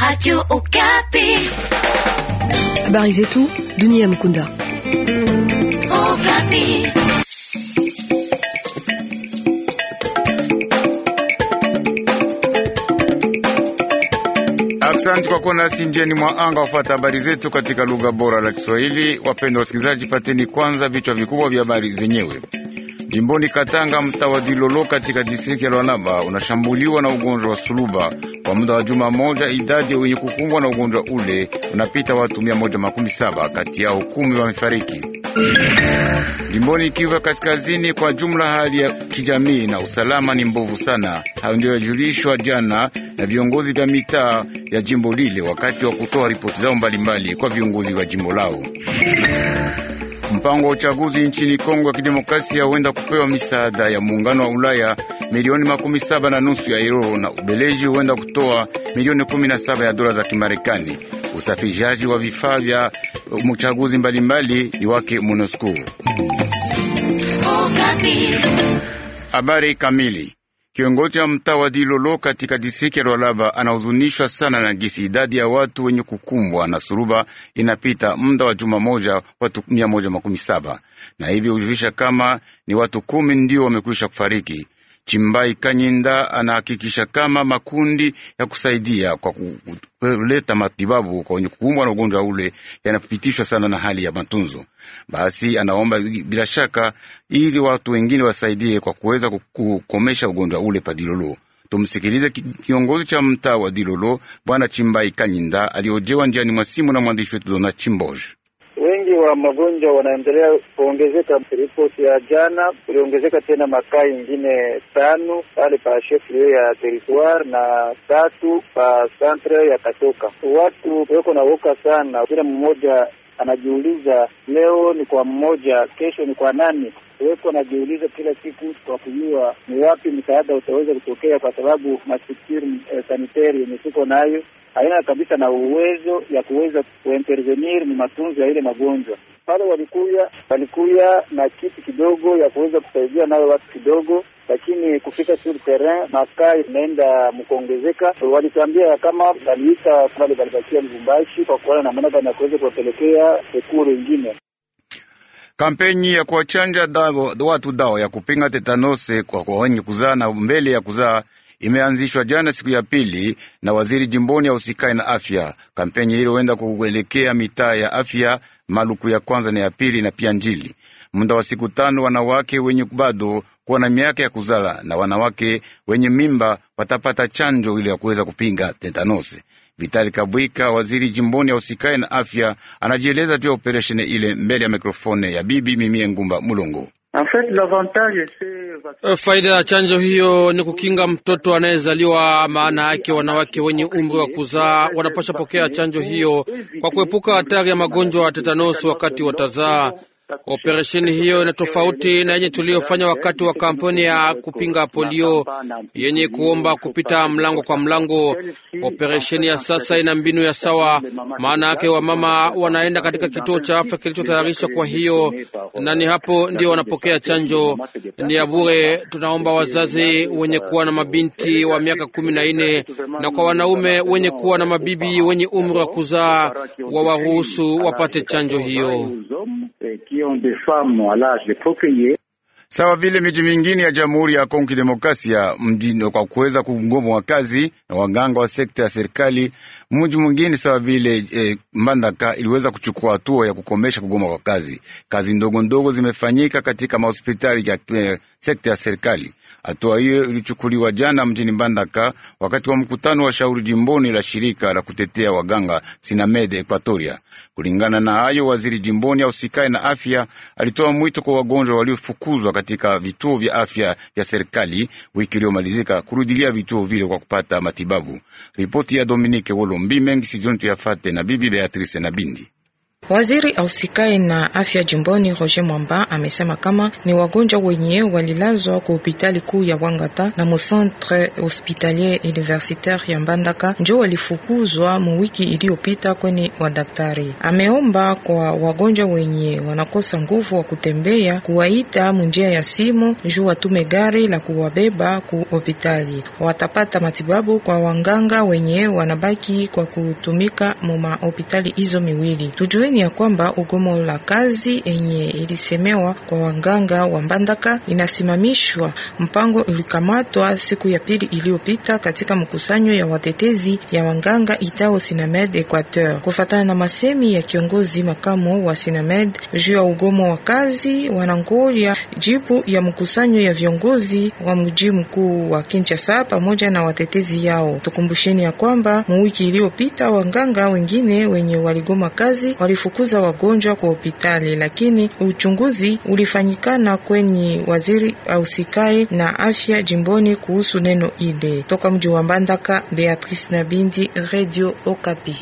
Radio Okapi. Habari zetu dunia Mkunda. Okapi. Asante kwa kuwa nasi njiani mwa anga wafata habari zetu katika lugha bora la Kiswahili. Wapendwa wasikilizaji, pateni kwanza vichwa vikubwa vya habari zenyewe. Jimboni Katanga, mtaa wa Dilolo katika distrikti ya Lwanaba unashambuliwa na ugonjwa wa suluba. Kwa muda wa juma moja, idadi wenye kukumbwa na ugonjwa ule unapita watu mia moja makumi saba, kati yao kumi wamefariki. Jimboni Kivu Kaskazini, kwa jumla hali ya kijamii na usalama ni mbovu sana. Hayo ndio yajulishwa jana na viongozi vya mitaa ya jimbo lile wakati wa kutoa ripoti zao mbalimbali kwa viongozi wa jimbo lao. Mpango wa uchaguzi nchini Kongo ya Kidemokrasia huenda kupewa misaada ya muungano wa Ulaya milioni makumi saba na nusu ya euro na Ubeleji huenda kutoa milioni kumi na saba ya dola za Kimarekani. Usafirishaji wa vifaa vya uh, uchaguzi mbalimbali ni wake MONUSCO. Oh, Habari kamili Kiongozi wa mtaa wa Dilolo katika distriki ya Lwalaba anahuzunishwa sana na gisi idadi ya watu wenye kukumbwa na suruba inapita muda wa juma moja watu mia moja makumi saba na hivyo hujulisha kama ni watu kumi ndio wamekwisha kufariki. Chimbai Kanyinda anahakikisha kama makundi ya kusaidia kwa kuleta matibabu kwa wenye kukumbwa na ugonjwa ule yanapitishwa sana na hali ya matunzo. Basi anaomba bila shaka, ili watu wengine wasaidie kwa kuweza kukomesha ugonjwa ule padilolo Tumsikilize kiongozi cha mtaa wa Dilolo, Bwana Chimbai Kanyinda, aliojewa njiani mwa simu na mwandishi wetu Dona Chimboje uambukizaji wa magonjwa wanaendelea kuongezeka. Ripoti ya jana kuliongezeka tena makaa ingine tano pale pa cheflieu ya teritoire na tatu pa centre ya Katoka. Watu weko na woka sana, kila mmoja anajiuliza leo ni kwa mmoja, kesho ni kwa nani weko anajiuliza kila siku kwa kujua ni wapi msaada utaweza kutokea, kwa sababu masikiri eh, sanitari yenye tuko nayo haina kabisa na uwezo ya kuweza kuintervenir ni matunzo ya ile magonjwa pale. Walikuya walikuya na kitu kidogo ya kuweza kusaidia nayo watu kidogo, lakini kufika sur terrain makaa inaenda mkuongezeka. Walitambia kama waliita pale walibakia Lubumbashi kwa kuona namna gani ya kuweza kuwapelekea ekuru ingine kampeni ya kuwachanja watu dawa ya kupinga tetanose kwa wenye kuzaa na mbele ya kuzaa imeanzishwa jana siku ya pili na waziri jimboni ya usikai na afya. Kampeni hilo huenda kuelekea mitaa ya afya Maluku ya kwanza na ya pili na pia Njili muda wa siku tano. Wanawake wenye bado kuwa na miaka ya kuzala na wanawake wenye mimba watapata chanjo ili ya kuweza kupinga tetanose. Vitali Kabwika, waziri jimboni ya usikai na afya, anajieleza juu ya operesheni ile mbele ya mikrofone ya bibi Mimie Ngumba Mulongo. Eh, faida ya chanjo hiyo ni kukinga mtoto anayezaliwa. Maana yake wanawake wenye umri wa kuzaa wanapasha pokea chanjo hiyo kwa kuepuka hatari ya magonjwa ya tetanosi wakati watazaa. Operesheni hiyo ina tofauti na yenye tuliyofanya wakati wa kampeni ya kupinga polio yenye kuomba kupita mlango kwa mlango. Operesheni ya sasa ina mbinu ya sawa, maana yake wamama wanaenda katika kituo cha afya kilichotayarishwa kwa hiyo, na ni hapo ndio wanapokea chanjo, ni ya bure. Tunaomba wazazi wenye kuwa na mabinti wa miaka kumi na nne na kwa wanaume wenye kuwa na mabibi wenye umri wa kuzaa wawaruhusu wapate chanjo hiyo sawa vile miji mingine ya Jamhuri ya Kongo Kidemokrasia mjini kwa kuweza kumgomo wa kazi na waganga wa sekta ya serikali Mji mwingine sawa vile e, Mbandaka iliweza kuchukua hatua ya kukomesha kugoma kwa kazi. Kazi ndogo ndogo zimefanyika katika mahospitali ya e, sekta ya serikali. Hatua hiyo ilichukuliwa jana mjini Mbandaka wakati wa mkutano wa shauri jimboni la shirika la kutetea waganga Sinamed Equatoria. Kulingana na hayo, waziri jimboni ausikae na afya alitoa mwito kwa wagonjwa waliofukuzwa katika vituo vya afya vya serikali wiki iliyomalizika kurudilia vituo vile kwa kupata matibabu. Ripoti ya Dominike Wolo mbi mengi sijoni tuyafate na bibi Beatrice na bindi Waziri ausikae na afya jimboni Roger Mwamba amesema kama ni wagonjwa wenye walilazwa kwa hospitali kuu ya Wangata na mucentre hospitalier universitaire ya Mbandaka njo walifukuzwa muwiki iliyopita kweni wadaktari. Ameomba kwa wagonjwa wenye wanakosa nguvu wa kutembea kuwaita munjia ya simu juu watume gari la kuwabeba ku hospitali, watapata matibabu kwa wanganga wenye wanabaki kwa kutumika mu mahopitali hizo miwili. Tujueni ya kwamba ugomo la kazi enye ilisemewa kwa wanganga wa Mbandaka inasimamishwa. Mpango ulikamatwa siku ya pili iliyopita katika mkusanyo ya watetezi ya wanganga itao Sinamed Equateur. Kufatana na masemi ya kiongozi makamu wa Sinamed juu ya ugomo wa kazi, wanangoja jibu ya mkusanyo ya viongozi wa mji mkuu wa Kinshasa pamoja na watetezi yao. Tukumbusheni ya kwamba mwiki iliyopita wanganga wengine wenye waligoma kazi walifu kufukuza wagonjwa kwa hospitali, lakini uchunguzi ulifanyikana kwenye waziri ausikae na afya jimboni kuhusu neno ile. Toka mji wa Mbandaka, Beatrice Nabindi, Radio Okapi.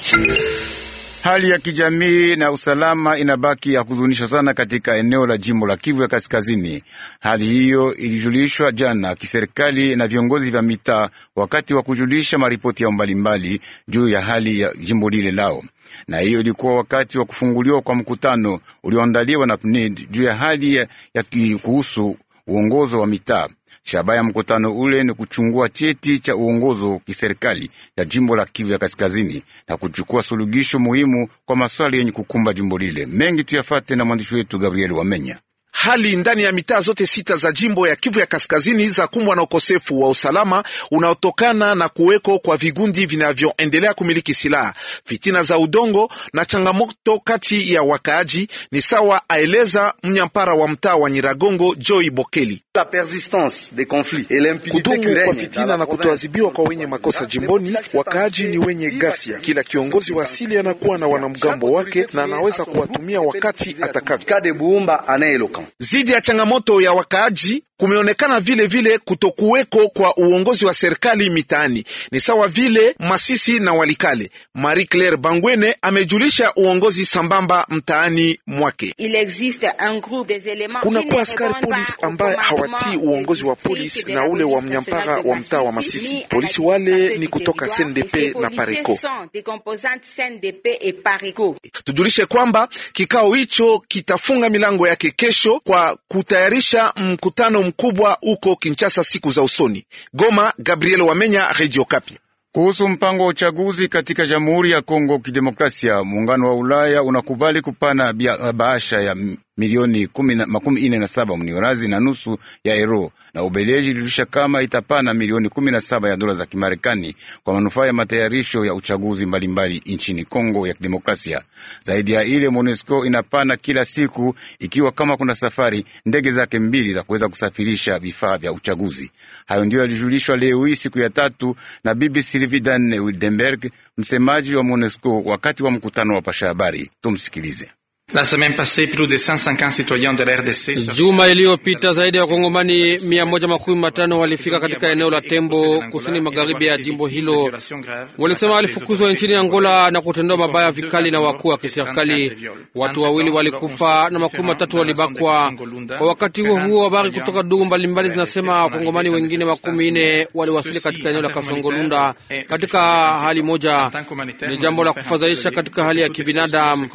Hali ya kijamii na usalama inabaki ya kuzunisha sana katika eneo la jimbo la Kivu ya Kaskazini. Hali hiyo ilijulishwa jana kiserikali na viongozi vya mitaa wakati wa kujulisha maripoti yao mbalimbali juu ya hali ya jimbo lile lao, na hiyo ilikuwa wakati wa kufunguliwa kwa mkutano ulioandaliwa na PNID juu ya hali ya, ya kuhusu uongozo wa mitaa. Shabaha ya mkutano ule ni kuchungua cheti cha uongozo kiserikali ya jimbo la Kivu ya Kaskazini na kuchukua suluhisho muhimu kwa maswali yenye kukumba jimbo lile. Mengi tuyafate na mwandishi wetu Gabriel Wamenya. Hali ndani ya mitaa zote sita za jimbo ya Kivu ya Kaskazini za kumbwa na ukosefu wa usalama unaotokana na kuweko kwa vigundi vinavyoendelea kumiliki silaha, fitina za udongo na changamoto kati ya wakaaji, ni sawa aeleza mnyampara wa mtaa wa Nyiragongo Joy Bokeli la persistance des conflits et l'impunité kudumu kwa fitina na kutoadhibiwa kwa wenye makosa jimboni. Wakaaji ni wenye ghasia, kila kiongozi wa asili anakuwa na wanamgambo wake na anaweza kuwatumia wakati atakavyo. zidi ya changamoto ya wakaaji kumeonekana vile vile kutokuweko kwa uongozi wa serikali mitaani, ni sawa vile Masisi na Walikale. Marie Claire Bangwene amejulisha uongozi sambamba mtaani mwake. Kuna kwa askari polisi ambaye hawatii uongozi wa polisi na ule wa mnyampara wa mtaa wa Masisi. Polisi wale ni kutoka SNDP na Pareco. Tujulishe kwamba kikao hicho kitafunga milango yake kesho kwa kutayarisha mkutano mkubwa huko Kinshasa siku za usoni. Goma, Gabriel Wamenya, Radio Kapi. Kuhusu mpango wa uchaguzi katika Jamhuri ya Kongo Kidemokrasia, muungano wa Ulaya unakubali kupana bahasha ya milioni makumi ine na saba mniorazi na nusu ya ero, na Ubeleji ilijulisha kama itapana milioni kumi na saba ya dola za Kimarekani kwa manufaa ya matayarisho ya uchaguzi mbalimbali nchini Kongo ya Kidemokrasia. Zaidi ya ile, MONUSCO inapana kila siku, ikiwa kama kuna safari, ndege zake mbili za kuweza kusafirisha vifaa vya uchaguzi. Hayo ndiyo yalijulishwa leo hii siku ya tatu na Bibi Sylvie Wildenberg, msemaji wa MONUSCO wakati wa mkutano wa pasha habari. Tumsikilize. Juma iliyopita zaidi ya wakongomani matano walifika katika eneo la Tembo kusini magharibi ya jimbo hilo. Walisema walifukuzwa nchini Angola na kutendewa mabaya vikali na wakuu wa kiserikali. Watu wawili walikufa na makumi matatu walibakwa. Kwa wakati huo huo, habari kutoka dugu mbalimbali zinasema wakongomani wengine makumi nne waliwasili katika eneo la Kasongolunda katika hali moja. Ni jambo la kufadhaisha katika hali ya kibinadamu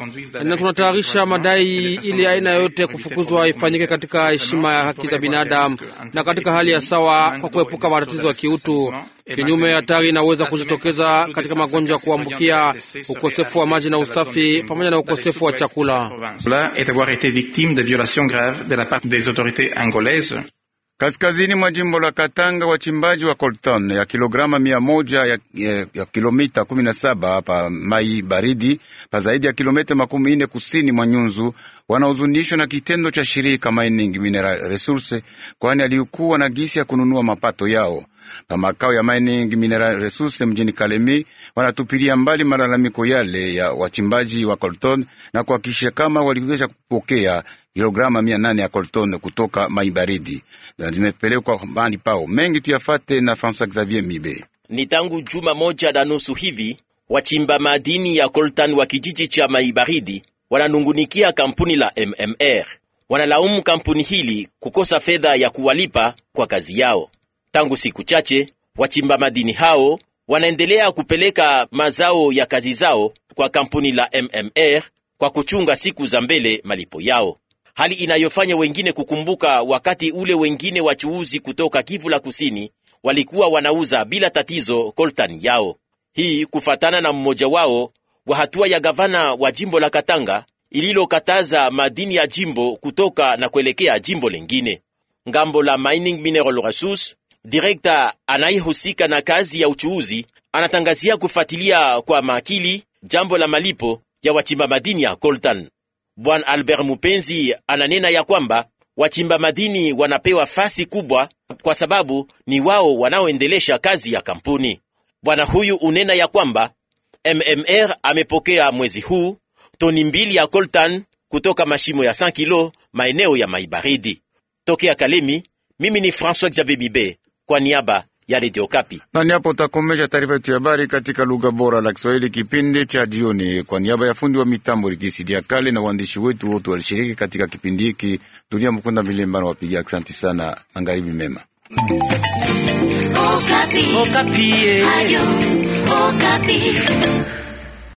na tunatayari kuhakikisha madai ili aina yoyote kufukuzwa ifanyike katika heshima ya haki za binadamu na katika hali ya sawa, kwa kuepuka matatizo ya kiutu. Kinyume, hatari inaweza kujitokeza katika magonjwa ya kuambukia, ukosefu wa maji na usafi, pamoja na ukosefu wa chakula. Kaskazini mwa jimbo la Katanga, wachimbaji wa coltan ya kilograma mia moja ya, ya, ya kilomita 17 pa mai baridi pa zaidi ya kilomita makumi nne kusini mwa Nyunzu wanahuzunishwa na kitendo cha shirika Mining Mineral Resource, kwani alikuwa na gisi ya kununua mapato yao pa makao ya mining mineral Resources mjini Kalemi wanatupilia mbali malalamiko yale ya wachimbaji wa colton na kuhakikisha kama waliweza kupokea kilograma mia nane ya colton kutoka maibaridi zimepelekwa mbali pao. Mengi tuyafate na Francois Xavier Mibe. Ni tangu juma moja na nusu hivi wachimba madini ya coltan wa kijiji cha maibaridi wananungunikia kampuni la MMR, wanalaumu kampuni hili kukosa fedha ya kuwalipa kwa kazi yao. Tangu siku chache wachimba madini hao wanaendelea kupeleka mazao ya kazi zao kwa kampuni la MMR kwa kuchunga siku za mbele malipo yao, hali inayofanya wengine kukumbuka wakati ule wengine wachuuzi kutoka Kivu la Kusini walikuwa wanauza bila tatizo coltan yao. Hii kufatana na mmoja wao wa hatua ya gavana wa jimbo la Katanga ililokataza madini ya jimbo kutoka na kuelekea jimbo lengine. Ngambo la Mining Mineral Resources Direkta anayehusika na kazi ya uchuuzi anatangazia kufuatilia kwa makili jambo la malipo ya wachimba madini ya coltan. Bwana Albert Mupenzi ananena ya kwamba wachimba madini wanapewa fasi kubwa kwa sababu ni wao wanaoendelesha kazi ya kampuni. Bwana huyu unena ya kwamba MMR amepokea mwezi huu toni mbili ya coltan kutoka mashimo ya 5 kilo maeneo ya Maibaridi. Tokea Kalemi, mimi ni François Xavier Bibe kwa niaba ya Radio Kapi. Na hapo utakomesha taarifa yetu ya habari katika lugha bora la Kiswahili kipindi cha jioni. Kwa niaba ya fundi wa mitambo ya Kale na waandishi wetu wote walishiriki katika kipindi hiki, Dunia Mkunda Vilembana wapigia asanti sana. Magharibi mema. Okapi. Okapi. Eh. Ayu, Okapi.